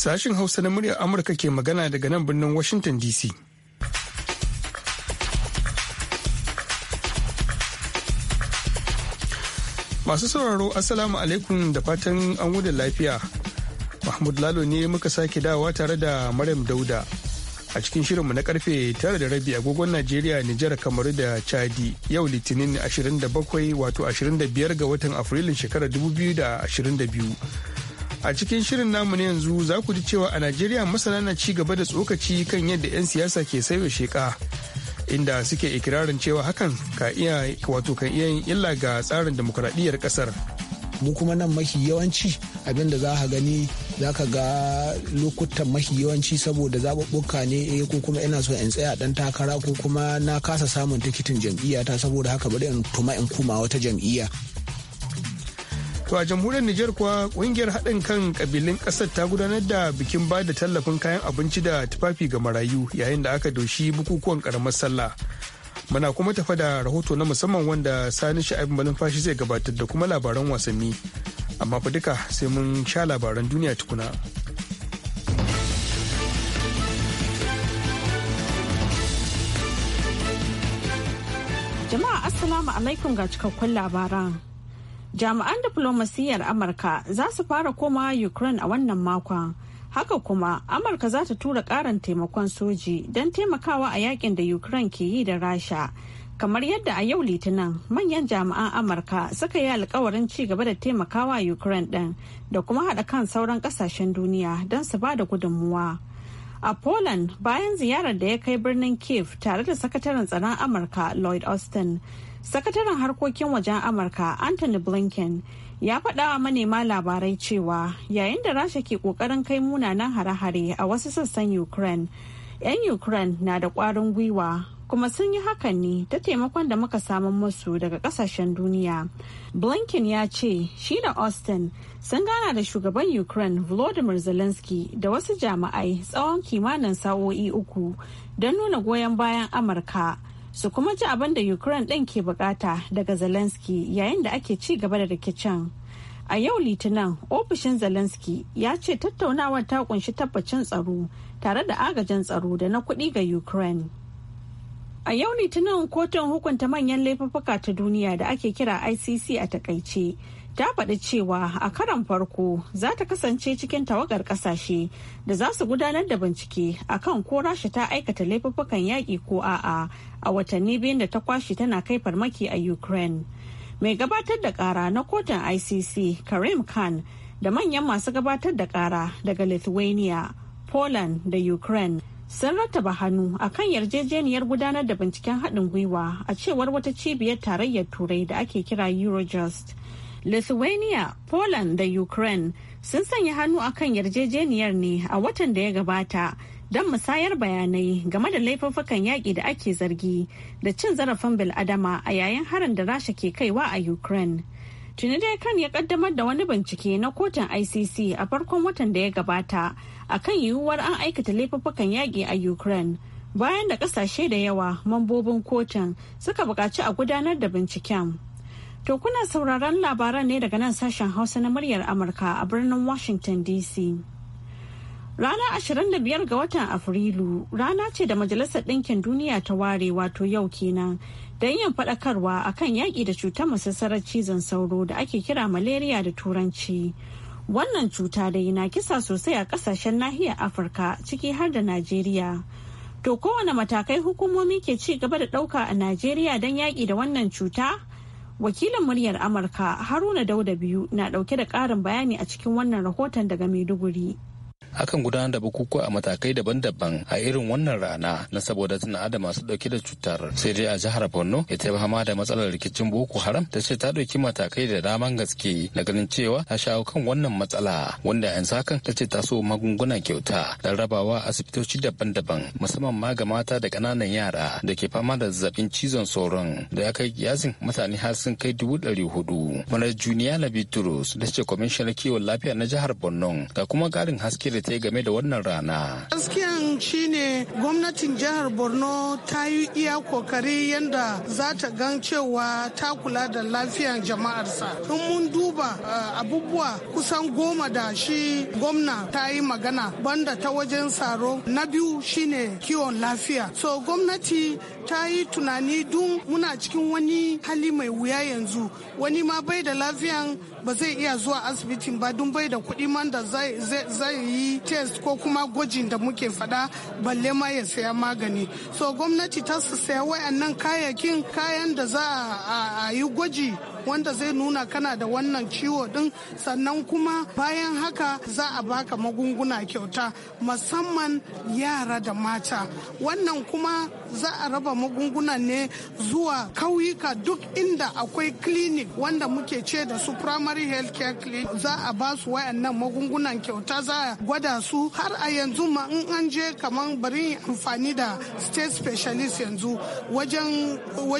Sashin Hausa na muryar Amurka ke magana daga nan birnin Washington DC. Masu sauraro Assalamu alaikum da fatan an wuda lafiya. Mahmud Lalo ne muka sake dawa tare da Maryam Dauda. A cikin shirinmu na karfe tara da rabi agogon Najeriya, Nijar, Kamaru da Chadi yau Litinin 27 wato 25 ga watan Afrilun shekarar 2022. a cikin shirin namu na yanzu za ku ji cewa a najeriya masana na ci gaba da tsokaci kan yadda 'yan siyasa ke saiwa sheka inda suke ikirarin cewa hakan ka iya wato kan iya yin illa ga tsarin demokuraɗiyyar ƙasar mu kuma nan mafi yawanci abin da za ka gani za ka ga lokutan mafi yawanci saboda zaɓuɓɓuka ne eh, ko kuma ina so in tsaya dan takara ko kuma na kasa samun tikitin jam'iyyata saboda haka bari in tuma in kuma wata jam'iyya To a jamhuriyar Nijar kuwa kungiyar haɗin kan kabilun ƙasar ta gudanar da bikin ba da tallafin kayan abinci da tufafi ga marayu yayin da aka doshi bukukuwan ƙaramar sallah. Muna kuma tafa da rahoto na musamman wanda sani sha'ib fashi zai gabatar da kuma labaran wasanni. Amma fa duka sai mun sha labaran duniya tukuna. Jama'a Assalamu alaikum ga cikakkun labaran. Jami'an diflomasiyyar Amurka za su fara koma Ukraine a wannan makon. Haka kuma Amurka za ta tura ƙarin taimakon soji don taimakawa a yakin da Ukraine ke yi da Rasha. kamar yadda a yau litinin manyan jami'an amurka suka yi alkawarin ci gaba da taimakawa ukraine ɗin da kuma haɗa kan sauran ƙasashen duniya don su ba da gudunmuwa a poland bayan ziyarar da ya kai birnin kiev tare da sakataren tsaron amurka lloyd austin sakataren harkokin wajen amurka anthony blinken ya faɗa wa manema labarai cewa yayin da rasha ke ƙoƙarin kai munanan hare-hare a wasu sassan ukraine 'yan ukraine na da ƙwarin gwiwa kuma sun yi hakan ne ta taimakon da muka samu musu daga kasashen duniya blinken ya ce shi da austin sun gana da shugaban ukraine volodymyr zelensky da wasu jami'ai tsawon kimanin sa'o'i uku don nuna goyon bayan amurka su kuma ji abin da ukraine ɗin ke bukata daga zelensky yayin da ake ci gaba da rikicin a yau litinin ofishin zelensky ya ce tattaunawar ta kunshi tabbacin tsaro tare da agajin tsaro da na kuɗi ga ukraine A yau Litinin kotun hukunta manyan laifuka ta duniya da ake kira ICC a takaice. Ta faɗi cewa a karan farko za ta kasance cikin tawagar ƙasashe da za su gudanar da bincike akan ko rasha ta aikata laifukan yaƙi ko a'a a watanni biyun da ta kwashe tana kai farmaki a Ukraine. Mai gabatar da ƙara na kotun ICC Karim Khan da manyan masu gabatar da ƙara daga Lithuania, Poland da Ukraine sun rattaba hannu akan yarjejeniyar gudanar da binciken haɗin gwiwa a cewar wata cibiyar tarayyar turai da ake kira eurojust lithuania poland da ukraine sun sanya hannu akan yarjejeniyar ne a watan da ya gabata don musayar bayanai game da laifuffukan yaƙi da ake zargi da cin zarafin bil'adama a yayin harin da rasha ke kaiwa a ukraine tuni dai kan ya kaddamar da wani bincike na kotun icc a farkon watan da ya gabata akan yiwuwar an aikata laifuffukan yaƙi a ukraine bayan da ƙasashe da yawa mambobin kotun suka buƙaci a gudanar da binciken to kuna sauraron labaran ne daga nan sashen hausa na muryar amurka a birnin washington dc Rana ashirin da biyar ga watan Afrilu rana ce da Majalisar Ɗinkin Duniya ta ware wato yau kenan don yin faɗakarwa akan yaƙi da cutar masassarar cizon sauro da ake kira malaria da turanci Wannan cuta dai na kisa sosai a kasashen nahiyar Afirka ciki har da Najeriya. To kowane matakai hukumomi ke ci gaba da ɗauka a Najeriya don yaƙi da wannan cuta? Wakilin muryar Amurka Haruna Dauda biyu na ɗauke da ƙarin bayani a cikin wannan rahoton daga Maiduguri. akan gudanar da bukukuwa a matakai daban-daban a irin wannan rana na saboda tana da masu dauke da cutar sai dai a jihar borno ita ma da matsalar rikicin boko haram ta ce ta dauki matakai da daman gaske na ganin cewa ta shawo kan wannan matsala wanda yan sakan ta ce ta so magunguna kyauta da rabawa asibitoci daban-daban musamman ma ga mata da kananan yara da ke fama da zazzabin cizon sauron da ya kai kiyasin mutane har sun kai dubu ɗari hudu. Manar Juniya Labitrus da ce kwamishinar kiwon lafiya na jihar Borno ga kuma ƙarin haske da da ta yi game da wannan rana. Gaskiyan shine gwamnatin jihar Borno ta yi iya kokari yadda za ta gan cewa ta kula da lafiyar jama'arsa. In mun duba eh, abubuwa kusan goma da shi gwamna ta yi magana banda ta wajen tsaro na biyu shine kiwon lafiya. So gwamnati ta yi tunani dun muna cikin wani hali mai wuya yanzu wani ma bai da lafiyan ba zai iya zuwa asibitin ba dun bai da kuɗi man da zai yi test ko kuma gwajin da muke faɗa balle ma ya saya magani so gwamnati ta su saya wayannan kayakin kayan da za a yi gwaji wanda zai nuna kana da wannan ciwo din sannan kuma bayan haka za a baka magunguna kyauta musamman yara da mata wannan kuma za a raba magunguna ne zuwa kauyuka duk inda akwai clinic wanda muke ce da su primary health care clinic za a ba su wayannan magungunan kyauta za a gwada su har a yanzu ma in an je kamar bari amfani da state specialist yanzu wajen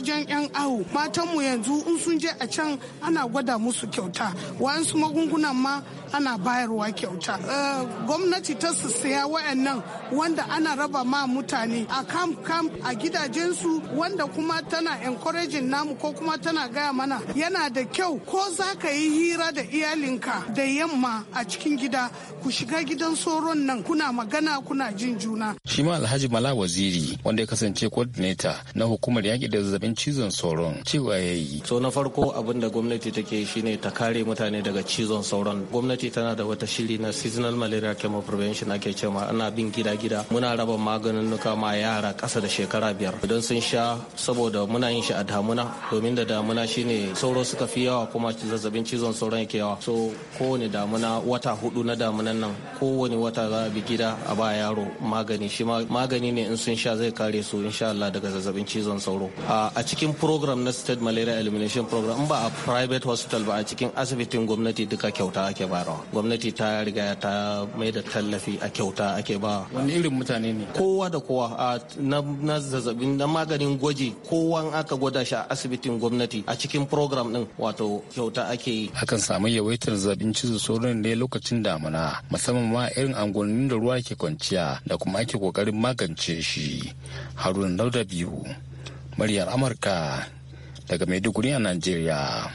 yan yan awo matanmu yanzu in sun je a can ana gwada musu kyauta wa'ansu magungunan ma ana bayarwa kyauta eh, gwamnati ta su siya wayannan wanda ana raba ma mutane a kam kam a gidaje jinsu wanda kuma tana encouraging namu ko kuma tana gaya mana yana da kyau ko za ka yi hira da iyalinka da yamma a cikin gida ku shiga gidan soron nan kuna magana kuna jin juna. Shi ma Alhaji Mala Waziri wanda ya kasance coordinator na hukumar yaƙi da zazzabin cizon sauron cewa ya yi. So na farko abin da gwamnati take shine ta kare mutane daga cizon sauron. Gwamnati tana da wata shiri na seasonal malaria chemo prevention ake cewa ana bin gida-gida. Muna raba maganin nuka ma yara kasa da shekara biyar. don sun sha saboda muna yin shi a damuna domin da damuna shine sauro suka fi yawa kuma zazzabin cizon sauron yake yawa so kowane damuna wata hudu na damunan nan kowane wata za a bi gida a ba yaro magani shi magani ne in sun sha zai kare su insha Allah daga zazzabin cizon sauro a cikin program na state malaria elimination program in ba a private hospital ba a cikin asibitin gwamnati duka kyauta ake bayarwa gwamnati ta riga ta mai da tallafi a kyauta ake ba wani irin mutane ne kowa da kowa na zazzabin na maganin gwaji kowan aka gwada shi a asibitin gwamnati a cikin program din wato kyauta ake yi hakan samu yawaitar zabin cizo sauran ne lokacin damuna musamman ma irin angonin da ruwa ke kwanciya da kuma ake kokarin magance shi haruna dauda biyu muryar amurka daga maiduguri a nigeria.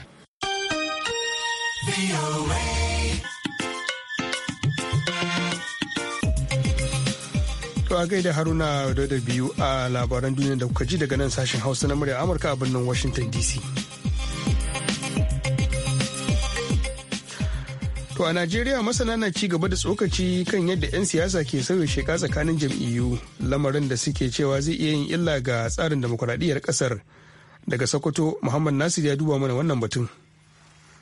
To a gaida Haruna da biyu a labaran duniya da kuka ji daga nan sashen Hausa na murya Amurka a birnin Washington DC. To a Najeriya masana na ci gaba da tsokaci kan yadda 'yan siyasa ke sauya sheka tsakanin jam'iyyu lamarin da suke cewa zai iya yin illa ga tsarin demokuraɗiyyar ƙasar. Daga Sokoto, Muhammad Nasir ya duba mana wannan batun.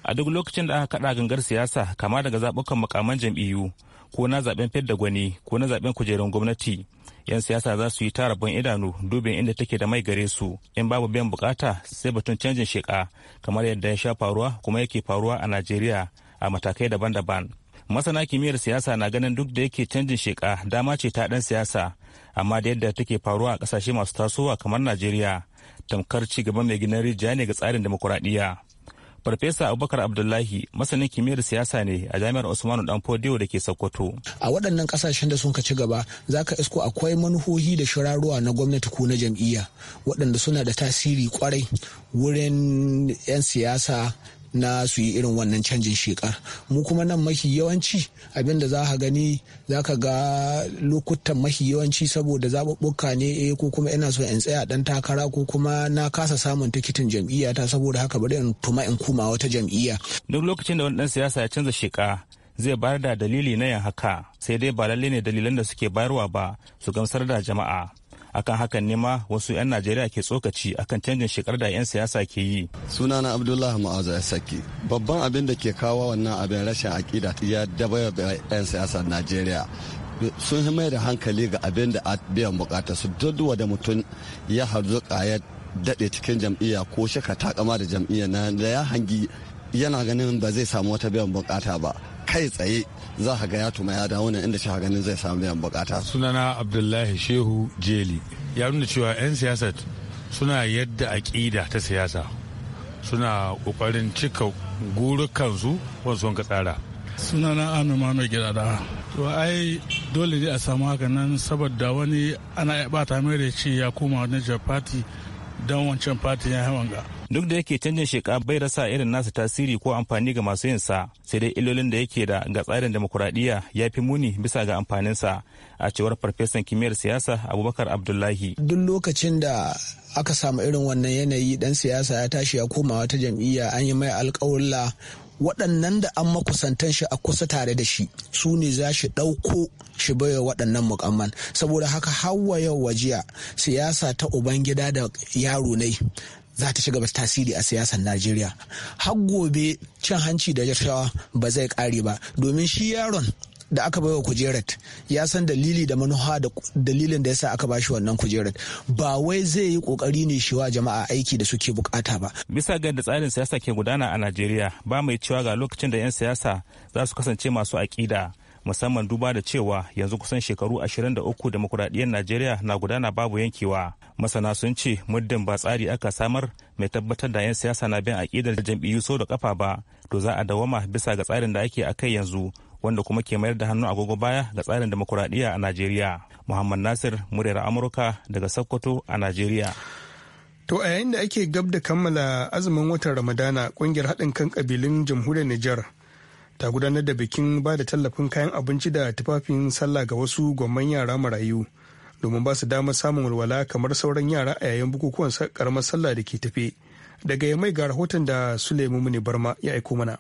A duk lokacin da aka kaɗa gangar siyasa kama daga zaɓukan makaman jam'iyyu ko na zaben fidda gwani ko na zaben kujerun gwamnati yan siyasa za su yi ta rabon idanu dubin inda take da mai gare su in babu biyan bukata sai batun canjin sheka kamar yadda ya sha faruwa kuma yake faruwa a najeriya a matakai daban-daban masana kimiyyar siyasa na ganin duk da yake canjin sheka dama ce ta dan siyasa amma da yadda take faruwa a kasashe masu tasowa kamar najeriya tamkar ci gaba mai ginin rijiya ne ga tsarin demokuraɗiyya Farfesa Abubakar Abdullahi masanin kimiyyar siyasa ne a jami'ar Usmanu Danfodiyo da ke Sokoto. A waɗannan ƙasashen da sun ci gaba za ka isko akwai manuhohi da shirarruwa na gwamnati ko na jam'iyya waɗanda suna da tasiri kwarai wurin 'yan siyasa na su yi irin wannan canjin shekar mu kuma nan mafi yawanci abin da za ka gani za ka ga lokutan mafi yawanci saboda zaɓuɓɓuka ne eh ko kuma ina so in tsaya dan takara ko kuma na kasa samun tikitin jam'iyya ta saboda haka bari in tuma in kuma wata jam'iyya duk lokacin da wani dan siyasa ya canza sheka zai bayar da dalili na yin haka sai dai ba lalle ne dalilan da suke bayarwa ba su gamsar da jama'a akan hakan ne ma wasu 'yan najeriya ke tsokaci akan canjin shekar da 'yan siyasa ke yi sunana abdullahi ma'azu saki babban abin da ke kawo wannan abin rashin aƙida ya dabaya 'yan siyasa najeriya sun mai da hankali ga abin da a biyan bukata su dudduwa da mutum ya harzuka ya daɗe cikin jam'iyya ko shaka takama da jam'iyya na ya hangi yana ganin ba zai samu wata biyan bukata ba kai tsaye za ka ga ya tuma ya dawo inda shi ganin zai samu biyan bukata sunana abdullahi shehu jeli ya nuna cewa 'yan siyasa suna yadda aƙida ta siyasa suna ƙoƙarin cika gurukansu wasu wanka tsara sunana amir gida da to ai dole ne a samu haka nan saboda wani ana bata mai da ya koma wani jafati don wancan fati ya hawan ga duk da yake canjin sheka bai rasa irin nasa tasiri ko amfani ga masu yin sa sai dai illolin da yake da ga tsarin demokuraɗiyya ya fi muni bisa ga amfanin sa a cewar farfesan kimiyyar siyasa abubakar abdullahi duk lokacin da aka samu irin wannan yanayi dan siyasa ya tashi ya koma wata jam'iyya an yi mai alƙawulla waɗannan da an makusantan shi a kusa tare da shi su ne za shi ɗauko shi baiwa waɗannan mukamman saboda haka hawa yau wajiya siyasa ta ubangida da yaro ne za ta shiga gaba tasiri a siyasar Najeriya. Har gobe cin hanci da rashawa ba zai kare ba domin shi yaron da aka baiwa kujerat ya san dalili da manuha da dalilin da yasa aka bashi wannan kujerat ba wai zai yi kokari ne shiwa jama'a aiki da suke bukata ba bisa ga tsarin siyasa ke gudana a Najeriya ba mai cewa ga lokacin da 'yan siyasa za su kasance masu aƙida musamman duba da cewa yanzu kusan shekaru 23 demokuraɗiyyar Najeriya na gudana babu yankewa masana sun ce muddin ba tsari aka samar mai tabbatar da 'yan siyasa na bin aƙidar jam'iyyu so da kafa ba to za a dawama bisa ga tsarin da ake akai yanzu wanda kuma ke mayar da hannu agogo baya ga tsarin demokuraɗiyya a najeriya muhammad nasir muryar amurka daga sokoto a najeriya To a yayin da ake gab da kammala azumin watan Ramadana kungiyar haɗin kan ƙabilun jamhuriyar Nijar ta gudanar da bikin ba da tallafin kayan abinci da tufafin sallah ga wasu gwamman yara marayu domin ba su damar samun walwala kamar sauran yara a yayin bukukuwan karamar sallah da ke tafe daga yamai ga rahoton da suleiman barma ya aiko mana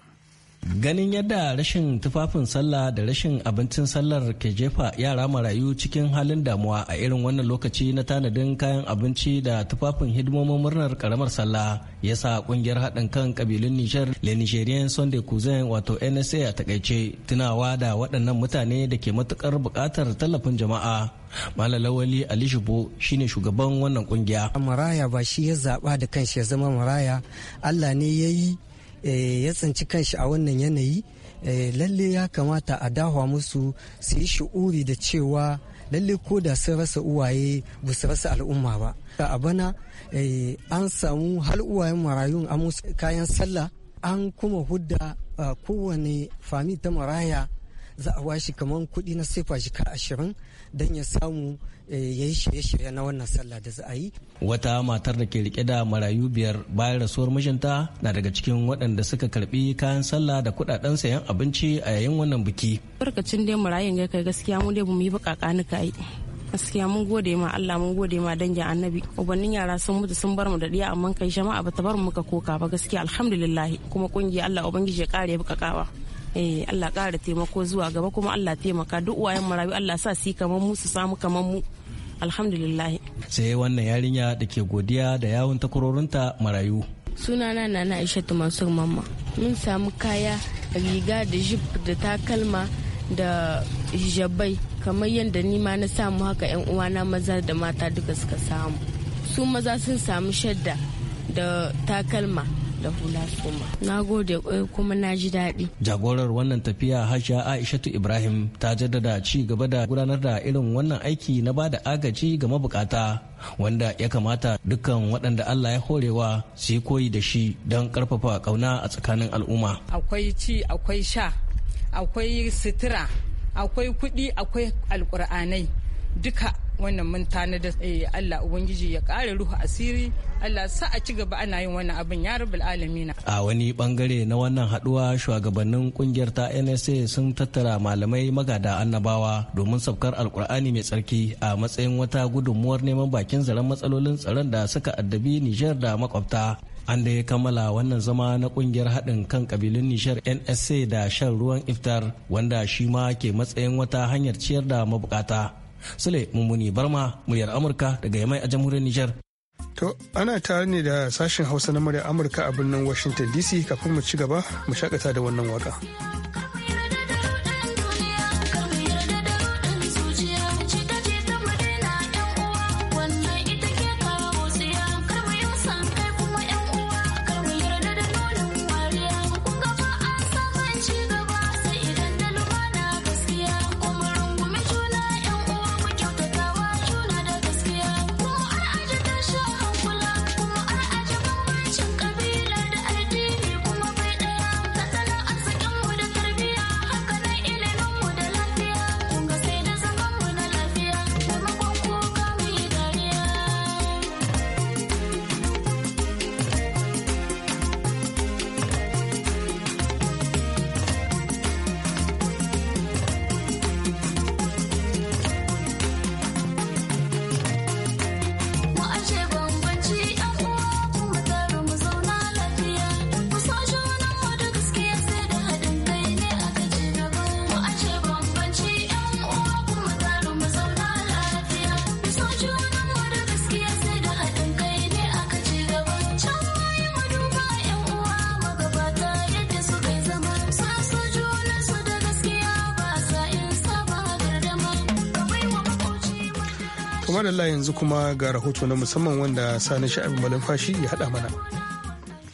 Ganin yadda rashin tufafin sallah da rashin abincin sallar ke jefa yara marayu cikin halin damuwa a irin wannan lokaci na tanadin kayan abinci da tufafin hidimomin murnar karamar sallah ya sa kungiyar haɗin kan kabilun Nijar Le Nigerian Sunday Cousin wato NSA a takaice tunawa da waɗannan mutane da ke matukar buƙatar tallafin jama'a. Malalawali Ali Shubo shine shugaban wannan kungiya. Maraya ba shi ya zaɓa da kanshi ya zama maraya Allah ne ya yi Eh, ya tsinci kanshi a wannan yanayi eh, lalle ya kamata a dahwa musu su yi shi'uri da cewa lalle ko da sun rasa uwaye ba su rasa al'umma ba a bana eh, an samu har uwayen marayun a musu kayan sallah an kuma hudda ah, kowane fami ta maraya za a washi kamar kuɗi na sefa jika ashirin don ya samu eh, ya yi shirye-shirye na wannan sallah da za a yi. Wata matar da ke rike da marayu biyar bayan rasuwar mijinta na daga cikin waɗanda suka karbi kayan sallah da kuɗaɗen sayan abinci a yayin wannan biki. Barkacin dai marayun ya kai gaskiya mu dai mu yi ka yi. gaskiya mun gode ma Allah mun gode ma dangin annabi ubannin yara sun mutu sun bar mu da amma kai jama'a bata bar mu muka koka ba gaskiya alhamdulillahi kuma kungiya Allah ubangiji ya kare bukakawa eh Allah ƙara taimako zuwa gaba kuma Allah taimaka duk wayan marayu Allah sa su kamar mu su samu kamar mu alhamdulillah sai wannan yarinya da ke godiya da yawon takwarorinta marayu sunana na na ta mansur mamma mun samu kaya riga da jip da takalma da hijabai kamar yadda ni ma na samu haka yan uwana maza da mata duka suka samu su maza sun samu shadda da takalma da hula kuma. na gode eh, kuma na ji daɗi jagorar wannan tafiya hajiya aishatu ibrahim ta jaddada ci gaba da gudanar da irin wannan aiki na ba da agaji ga mabukata wanda ya kamata dukkan waɗanda Allah ya horewa su yi koyi da shi don ƙarfafa ƙauna a tsakanin al'umma. Akwai ci, akwai sha, akwai sitira akwai kuɗi, akwai alƙur'anai duka wannan mun tanada eh, Allah ubangiji ya kare ruhu asiri Allah sa a ci gaba ana yin wannan abin ya rabul alamina a wani bangare na wannan haduwa shugabannin kungiyar ta NSA sun tattara malamai magada annabawa domin sabkar alkur'ani mai tsarki a matsayin wata gudunmuwar neman bakin zaren matsalolin tsaron da suka addabi Nijar da makwabta an da ya kammala wannan zama na kungiyar haɗin kan kabilun nishar nsa da shan ruwan iftar wanda shi ma ke matsayin wata hanyar ciyar da mabukata Sule Mummuni Barma muryar Amurka daga Yamai a jamhuriyar Nijar. To ana tare ne da sashen Hausa na muryar Amurka a birnin Washington DC kafin mu ci gaba mu shakata da wannan waka. madalla yanzu kuma ga rahoto na musamman wanda sani sha'abin malumfashi ya haɗa mana.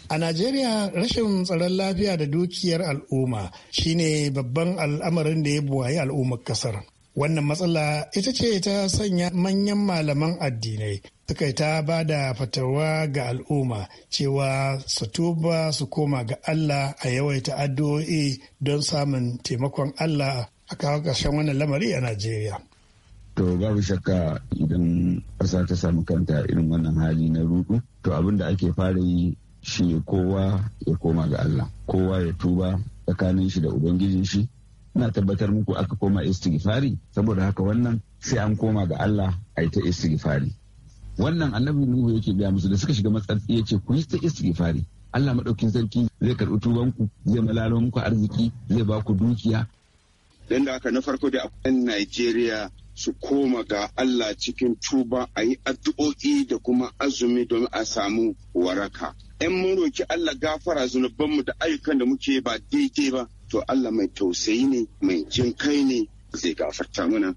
A Najeriya rashin tsaron lafiya da dukiyar al'umma shine babban al'amarin da ya buwayi al'ummar kasar. Wannan matsala ita ce ta sanya manyan malaman addinai suka ta ba da fatawa ga al'umma cewa su tuba su koma ga Allah a yawaita addu'o'i don samun taimakon Allah a kawo ƙarshen wannan lamari a Najeriya. to babu shakka idan ƙasa ta samu kanta irin wannan hali na rudu to abin da ake fara yi shi kowa ya koma ga Allah kowa ya tuba tsakanin shi da ubangijin shi ina tabbatar muku aka koma istighfari saboda haka wannan sai an koma ga Allah a ta istighfari wannan annabi nuhu yake biya musu da suka shiga matsatsi yace ku yi ta istighfari Allah madaukin sarki zai karɓi tubanku zai malalo muku arziki zai baku dukiya dan da haka na farko da akwai Najeriya su koma ga Allah cikin tuba a yi addu'o'i da kuma azumi don a samu waraka. ‘Yan mun roki Allah gafara zunubanmu da ayyukan da muke ba daidai ba, to Allah mai tausayi ne, mai jin kai ne zai gafarta mana.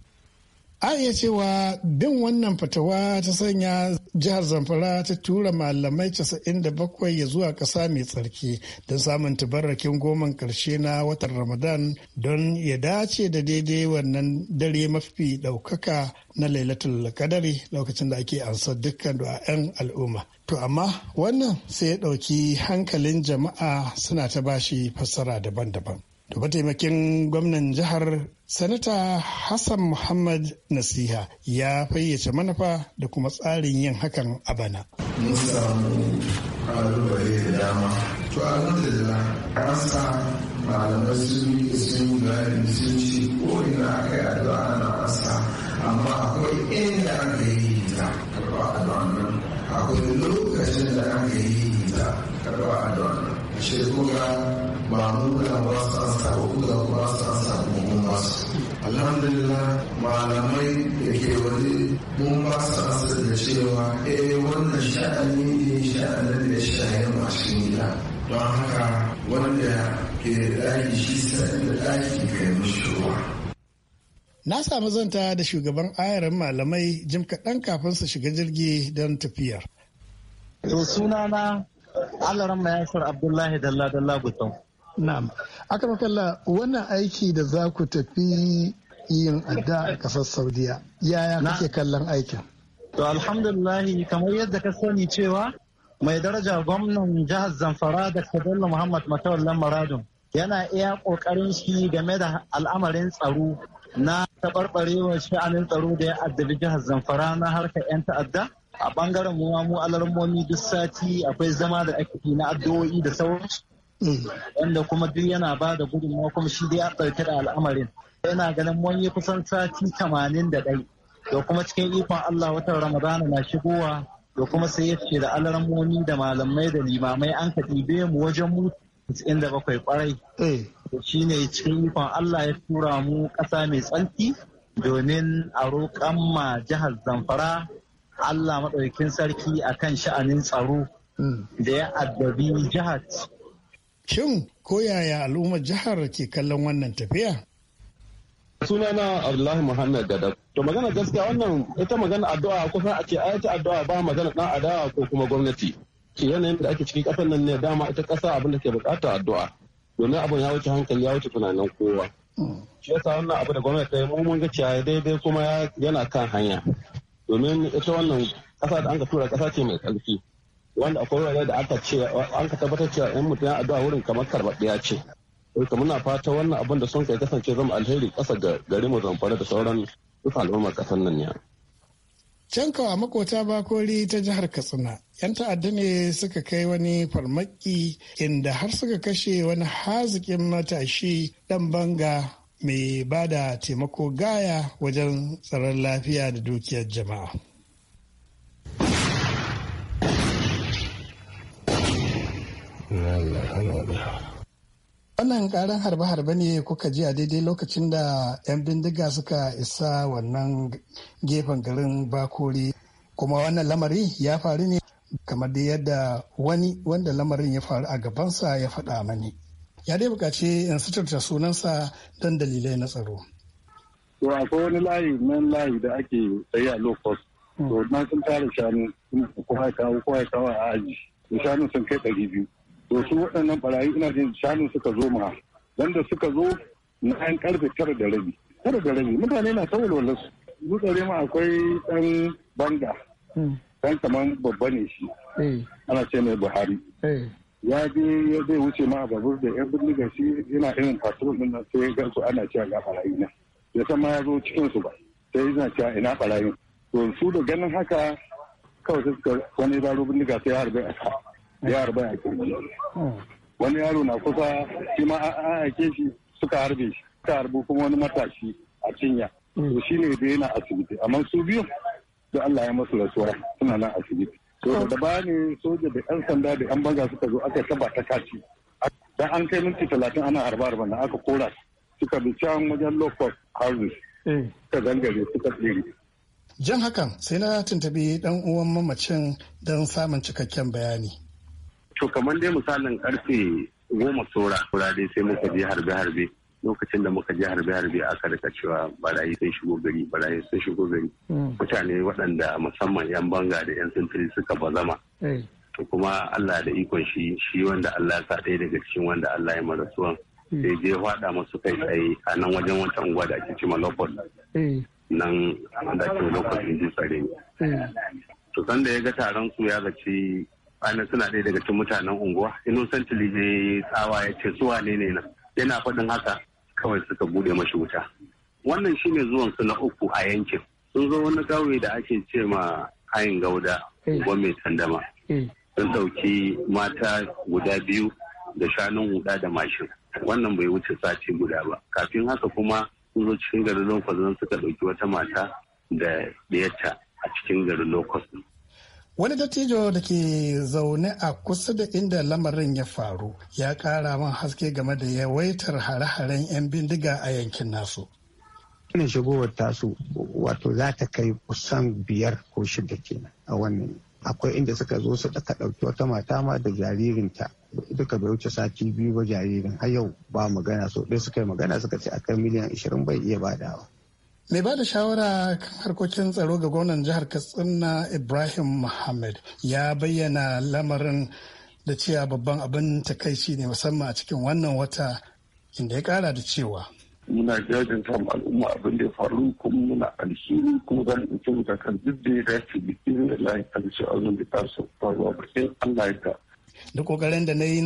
A iya cewa bin wannan fatawa ta sanya jihar zamfara ta tura malamai 97 ya zuwa ƙasa mai tsarki don samun tabarrakin goman ƙarshe na watan ramadan don ya dace da daidai wannan dare mafi ɗaukaka na lailatul kadari lokacin da ake ansa dukkan du'a'yan al'umma to amma wannan sai ya ɗauki hankalin jama'a suna ta bashi fassara daban-daban da mataimakin gwamnan jihar sanata hassan muhammad nasiha ya fayyace manufa da kuma tsarin yin hakan a bana mun samu kalubale da dama to alhamdulillah an sa malamai sun yi sun gani sun ci ko ina aka yi addu'a ana asa amma akwai inda aka yi ta karɓa addu'a nan akwai lokacin da aka yi ta karɓa addu'a nan shi da ba mu ba su an sa ba kuma ba su an sa kuma mun ba su alhamdulillah malamai da ke wani mun ba su an sa da cewa eh wannan sha'ani ne sha'anin da sha'ayin masu gida don haka wanda ke da ɗaki shi sai da ɗaki kai mishi ruwa Na samu zanta da shugaban ayarin malamai jim kaɗan kafin su shiga jirgi don tafiyar. To sunana Allah ran Abdullahi Dalla Dalla Gusau. Na'am. Aka makalla wannan aiki da za ku tafi yin adda a kasar Saudiya. Yaya kake kallon aikin? To alhamdulillahi kamar yadda ka sani cewa mai daraja gwamnan jihar Zamfara da Bello Muhammad Matawallan Maradun yana iya kokarin shi game da al'amarin tsaro na taɓarɓarewar sha'anin tsaro da ya addabi jihar Zamfara na harkar 'yan ta'adda. a bangaren mu mu alarmomi duk sati akwai zama da ake na addu'o'i da sauransu wanda kuma duk yana ba da gudunmawa kuma shi dai a ɗauke da al'amarin yana ganin mun kusan sati tamanin da ɗai da kuma cikin ikon Allah watan Ramadana na shigowa da kuma sai ya ce da alarmomi da malamai da limamai an ka ɗibe mu wajen mu da bakwai kwarai shi ne cikin ikon Allah ya tura mu ƙasa mai tsanki domin a roƙan ma jihar Zamfara Allah maɗaukin sarki akan sha'anin tsaro hmm. da ya addabi jihar. Shin ko yaya al'ummar jihar ke kallon wannan tafiya? sunana abdullahi muhammad gadab to magana gaskiya wannan ita magana addu'a ko kuma a ce a addu'a ba magana dan adawa ko kuma gwamnati ce yanayin da ake ciki kasar nan ne dama ita kasa abin da ke bukata addu'a domin abin ya wuce hankali ya wuce tunanin kowa hmm. shi yasa wannan abu da gwamnati ta yi mu mun ga cewa daidai kuma yana kan hanya domin ita wannan kasa da an ka tura kasa ce mai tsarki wanda akwai wurare da aka ce an ka tabbatar cewa yan mutum ya addu'a wurin kamar karɓaɗɗiya ce ka muna fata wannan abin da sun kai kasance zama alheri kasa ga gari mu zamfara da sauran duka al'ummar kasar nan ne. can kawa makota bakori ta jihar katsina yan ta'adda ne suka kai wani farmaki inda har suka kashe wani haziƙin matashi dan banga mai ba da taimako gaya wajen tsaron lafiya da dukiyar jama'a. Wannan karan harbe-harbe ne kuka ji a daidai lokacin da 'yan bindiga suka isa wannan gefen garin bakori kuma wannan lamari ya faru ne kamar da yadda wani wanda lamarin ya faru a gabansa ya faɗa mani. ya dai bukaci in suturta sunansa don dalilai na tsaro. To akwai wani layi nan layi da ake tsaye a lokos. Hmm. To na sun tara shanu kuma kawo kuma kawo a aji. Shanu sun kai ɗari biyu. To su waɗannan ɓarayi ina jin shanu suka zo ma. Dan da suka zo na an karfe tara da rabi. Tara da rabi mutane na ta walwala su. Dutsare ma akwai ɗan banga. Hmm. Ɗan kaman babba ne shi. Eh. Ana ce mai Buhari. Eh. ya je ya zai wuce ma a babur da yan bindiga shi yana irin patrol din nan sai gansu ana cewa ga barayi nan ya san ma ya zo cikin su ba sai yana cewa ina barayi to su da ganin haka kawai sai suka wani baro bindiga sai ya harbe a ya harbe a kirji wani yaro na kusa shi ma an aike shi suka harbe shi suka harbe kuma wani matashi a cinya to shine da yana asibiti amma su biyu da Allah ya masu rasuwa suna nan asibiti to da ba ne soja da yan sanda da yan banza suka zo aka taba ta kaci dan an kai minti talatin ana harba harba na aka kora suka bi can wajen lokos harvest eh. suka gangare suka tsere jan hakan sai na tuntabi dan uwan mamacin don samun cikakken bayani to kamar dai misalin karfe goma saura dai sai muka je harbe harbe lokacin da muka ji harbe-harbe aka rika cewa barayi sun shigo gari barayi sun shigo gari hmm. mutane waɗanda musamman 'yan banga da 'yan sintiri suka bazama eh. to kuma Allah da ikon shi shi wanda Allah ya sa ɗaya daga cikin wanda Allah ya suwan hmm. sai je faɗa masu kai tsaye a nan wajen wata unguwa da ake cima lokal eh. nan eh. da ke lokal inji tsare to sanda ya ga taron su ya zaci ana suna ɗaya daga cikin mutanen unguwa innocently ne tsawa ya ce su ne ne na. yana faɗin haka kawai suka bude mashi wuta wannan ne zuwan su na uku a yankin sun zo wani ƙauye da ake ce ma hayin gauda eh. uban mai tandama eh. sun ɗauki mata guda biyu da shanun huda da mashin wannan bai wuce sati guda ba kafin haka kuma sun zo cikin garin lokos suka ɗauki wata mata da ɗayarta a cikin garin lokos Wani dattijo da ke zaune a kusa da inda lamarin ya faru ya kara man haske game da yawaitar hare-haren 'yan bindiga a yankin nasu. Wannan shigowar tasu wato za ta kai kusan biyar ko shida kenan a wannan. Akwai inda suka zo su ɗaka ɗauki wata mata ma da jaririnta duka bai wuce sati biyu ba jaririn har yau ba magana so ɗaya suka yi magana suka ce akan miliyan ashirin bai iya badawa. mai ba da shawara kan harkokin tsaro ga gwamnan jihar katsina ibrahim muhammad ya bayyana lamarin da cewa babban abin takaici ne musamman a cikin wannan wata inda ya kara da cewa muna jajin samun al'umma abin da ya faru kuma muna alheri kuma zan ɗauki matakan duk da ya dace da irin da layi a a da ta su faruwa ba Allah ya ta. Da kokarin da na yi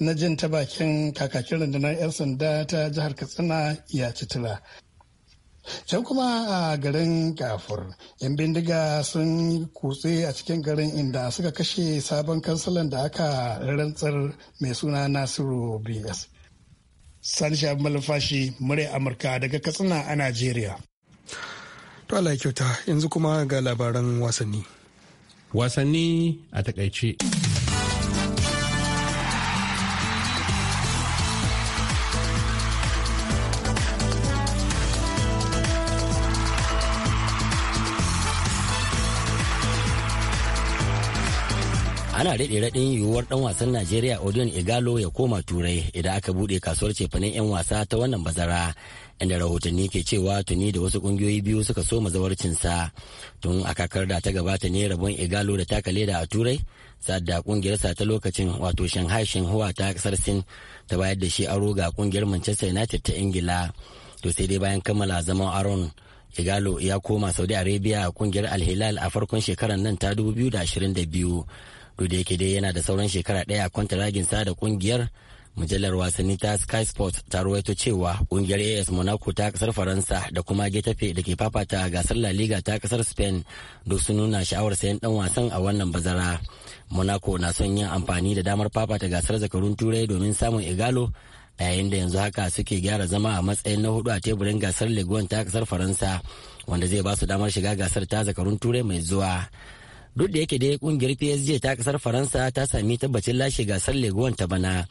na jin ta bakin kakakin rundunar 'yan sanda ta jihar Katsina ya ci tura. Can kuma a garin kafur, 'yan bindiga sun kutse a cikin garin inda suka kashe sabon kansilan da aka rantsar mai suna Nasiru BS. Sanisha Malfashi, murya Amurka daga Katsina a Najeriya. To ala kyauta yanzu kuma ga labaran wasanni. Wasanni a takaice. ana raɗe raɗin yiwuwar ɗan wasan najeriya odion igalo ya koma turai idan aka bude kasuwar cefanen 'yan wasa ta wannan bazara inda rahotanni ke cewa tuni da wasu kungiyoyi biyu suka so sa tun a kakar da ta gabata ne rabon igalo da taka leda a turai sadda kungiyarsa ta lokacin wato shanghai Shenhua ta kasar sin ta bayar da shi aro ga kungiyar manchester united ta ingila to sai dai bayan kammala zaman aron igalo ya koma saudi arabia a kungiyar alhilal a farkon shekarar nan ta 2022 duk da yake dai yana da sauran shekara ɗaya a sa da kungiyar mujallar wasanni ta sky sports ta ruwaito cewa kungiyar as monaco ta kasar faransa da kuma getafe da ke fafata gasar la liga ta kasar spain duk sun nuna sha'awar sayan dan wasan a wannan bazara monaco na son yin amfani da damar fafata gasar zakarun turai domin samun igalo a yayin da yanzu haka suke gyara zama a matsayin na hudu a teburin gasar leguan ta kasar faransa wanda zai ba su damar shiga gasar ta zakarun turai mai zuwa duk da yake dai kungiyar psg ta kasar faransa ta sami tabbacin lashe gasar leguwan ta bana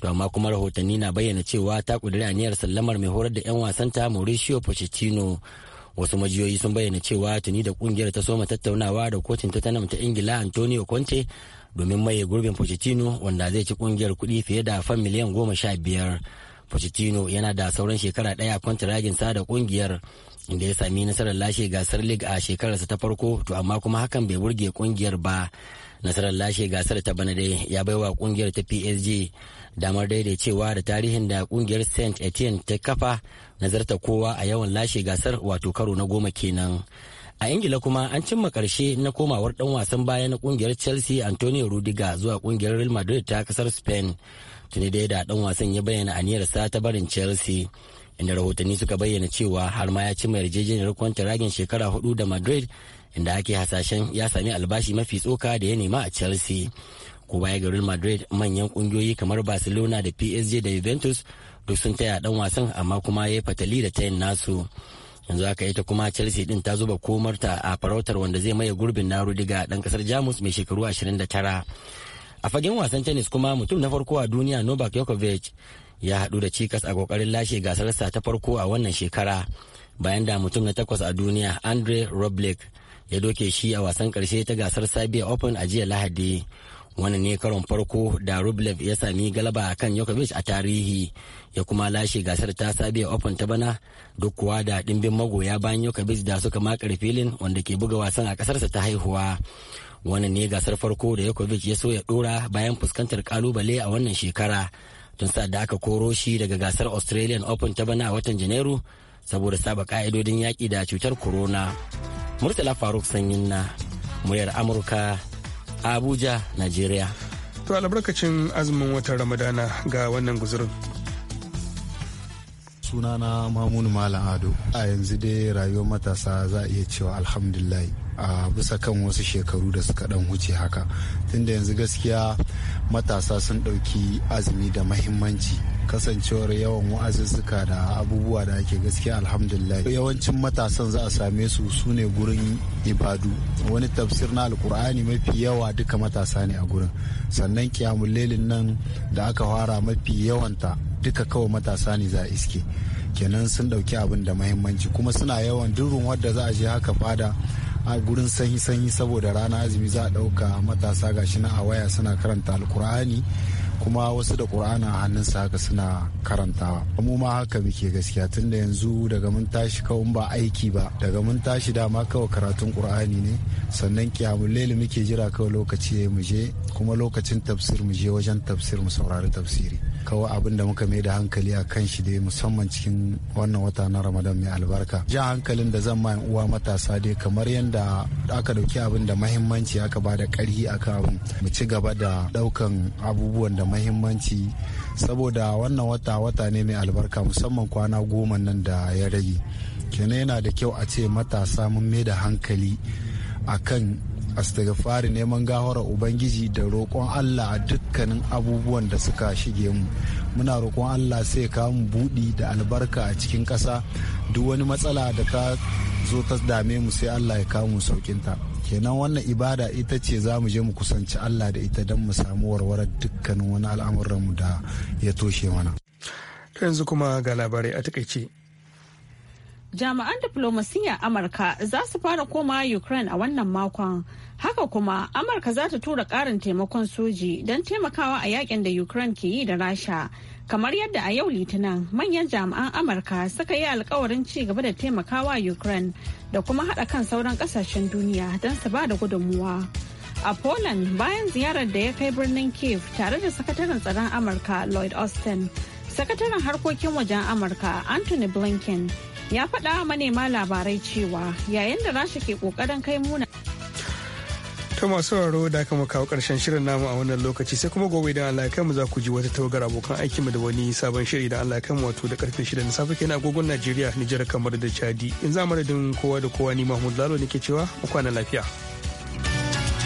to amma kuma rahotanni na bayyana cewa ta kudiri aniyar sallamar mai horar da 'yan ta mauricio pochettino wasu majiyoyi sun bayyana cewa tuni da kungiyar ta soma tattaunawa da kotun tottenham ta ingila antonio conte domin maye gurbin pochettino wanda zai ci kungiyar kuɗi fiye da fan miliyan goma sha biyar pochettino yana da sauran shekara ɗaya sa da kungiyar inda ya sami nasarar lashe gasar league a shekararsa ta farko to amma kuma hakan bai burge kungiyar ba nasarar lashe gasar ta bana dai ya baiwa kungiyar ta psg damar daidaicewa da tarihin da kungiyar saint etienne ta kafa nazarta kowa a yawan lashe gasar wato karo na goma kenan a ingila kuma an cimma karshe na komawar dan wasan baya na kungiyar chelsea antonio rudiga zuwa kungiyar real madrid ta kasar spain tuni dai da dan wasan ya bayyana aniyarsa ta barin chelsea inda rahotanni suka bayyana cewa har ma ya ci mai yarjejeniyar ragin shekara hudu da madrid inda ake hasashen ya sami albashi mafi tsoka da ya nema a chelsea ko baya garin madrid manyan kungiyoyi kamar barcelona da psg da juventus duk sun taya dan wasan amma kuma ya yi fatali da tayin nasu yanzu aka yi ta kuma chelsea din ta zuba komarta a farautar wanda zai maye gurbin na rudiga dan kasar jamus mai shekaru 29 a fagen wasan tennis kuma mutum na farko a duniya novak Djokovic ya haɗu da cikas a kokarin lashe gasarsa ta farko a wannan shekara bayan da mutum na takwas a duniya andre roblek ya doke shi a wasan karshe ta gasar Serbia open a jiya lahadi wannan ne karon farko da rublev ya sami galaba kan Djokovic a tarihi ya kuma lashe gasar ta sabiya open ta bana duk kuwa da dimbin magoya bayan Djokovic da suka makare filin wanda ke buga wasan a kasarsa ta haihuwa wannan ne gasar farko da yakovic ya so ya dora bayan fuskantar kalubale a wannan shekara tun sa da aka koro shi daga gasar australian open ta bana a watan janairu saboda saba ka'idodin yaƙi da cutar corona murtala faruk sanyin na muryar amurka abuja nigeria to albarkacin azumin watan ramadana ga wannan guzurin sunana mamunu malam ado a yanzu dai rayuwar matasa za a iya cewa alhamdulillah a bisa kan wasu shekaru da suka dan huce haka tunda yanzu gaskiya matasa sun ɗauki azumi da mahimmanci kasancewar yawan wa'azuzzuka da abubuwa da ake gaskiya alhamdulillah yawancin matasan za a same su su ne gurin ibadu wani tafsir na alkur'ani mafi yawa duka matasa ne a gurin sannan kiyamun lelin nan da aka fara mafi yawanta duka kawai matasa ne za a iske kenan sun ɗauki abin da mahimmanci kuma suna yawan durin wadda za a je haka fada a gurin sanyi sanyi saboda rana azumi za a ɗauka matasa gashi na a waya suna karanta alkur'ani kuma wasu da ƙur'ana su haka suna karantawa mu ma haka muke gaskiya tun da yanzu daga mun tashi kawun ba aiki ba daga mun tashi dama kawai karatun ƙur'ani ne sannan kiyamun leli muke jira kawai lokaci ya mu kuma lokacin tafsir muje wajen tafsir mu saurari tafsiri kawai abin da muka mai da hankali a kan shi dai musamman cikin wannan wata na ramadan mai albarka jan hankalin da zan mayan uwa matasa dai kamar yadda aka dauki abin da mahimmanci aka ba da karhi aka abin mu ci gaba da daukan abubuwan da mahimmanci saboda wannan wata wata ne mai albarka musamman kwana goma nan da ya rage kenan yana da kyau a ce matasa mun mai da hankali akan astaghfari neman gahara ubangiji da roƙon allah a dukkanin abubuwan da suka shige mu muna roƙon allah sai ka mu buɗi da albarka a cikin ƙasa duk wani matsala da ta zo ta dame mu sai allah ya kawo mu ta kenan wannan ibada ita ce za mu je mu kusanci allah da ita don mu samu warwarar dukkanin wani mu da ya toshe mana yanzu kuma ga labarai a takaice jami'an diflomasiyya amurka za su fara koma ukraine a wannan makon haka kuma amurka za ta tura karin taimakon soji don taimakawa a yakin da ukraine ke yi da rasha kamar yadda a yau litinin manyan jami'an amurka suka yi alkawarin ci gaba da taimakawa ukraine da kuma haɗa kan sauran ƙasashen duniya don su ba da gudunmuwa a poland bayan ziyarar da ya kai birnin kiev tare da sakataren tsaron amurka lloyd austin sakataren harkokin wajen amurka anthony blinken ya faɗa manema labarai cewa yayin da rasha ke ƙoƙarin kai muna ta masu sauraro da aka kawo ƙarshen shirin namu a wannan lokaci sai kuma gobe idan Allah kai mu za ku ji wata tawagar abokan aiki mu da wani sabon shiri da Allah kai mu wato da karfe 6 na safe na agogon Najeriya Nijar kamar da Chadi in za madadin kowa da kowa ni Mahmud Lalo ke cewa mu kwana lafiya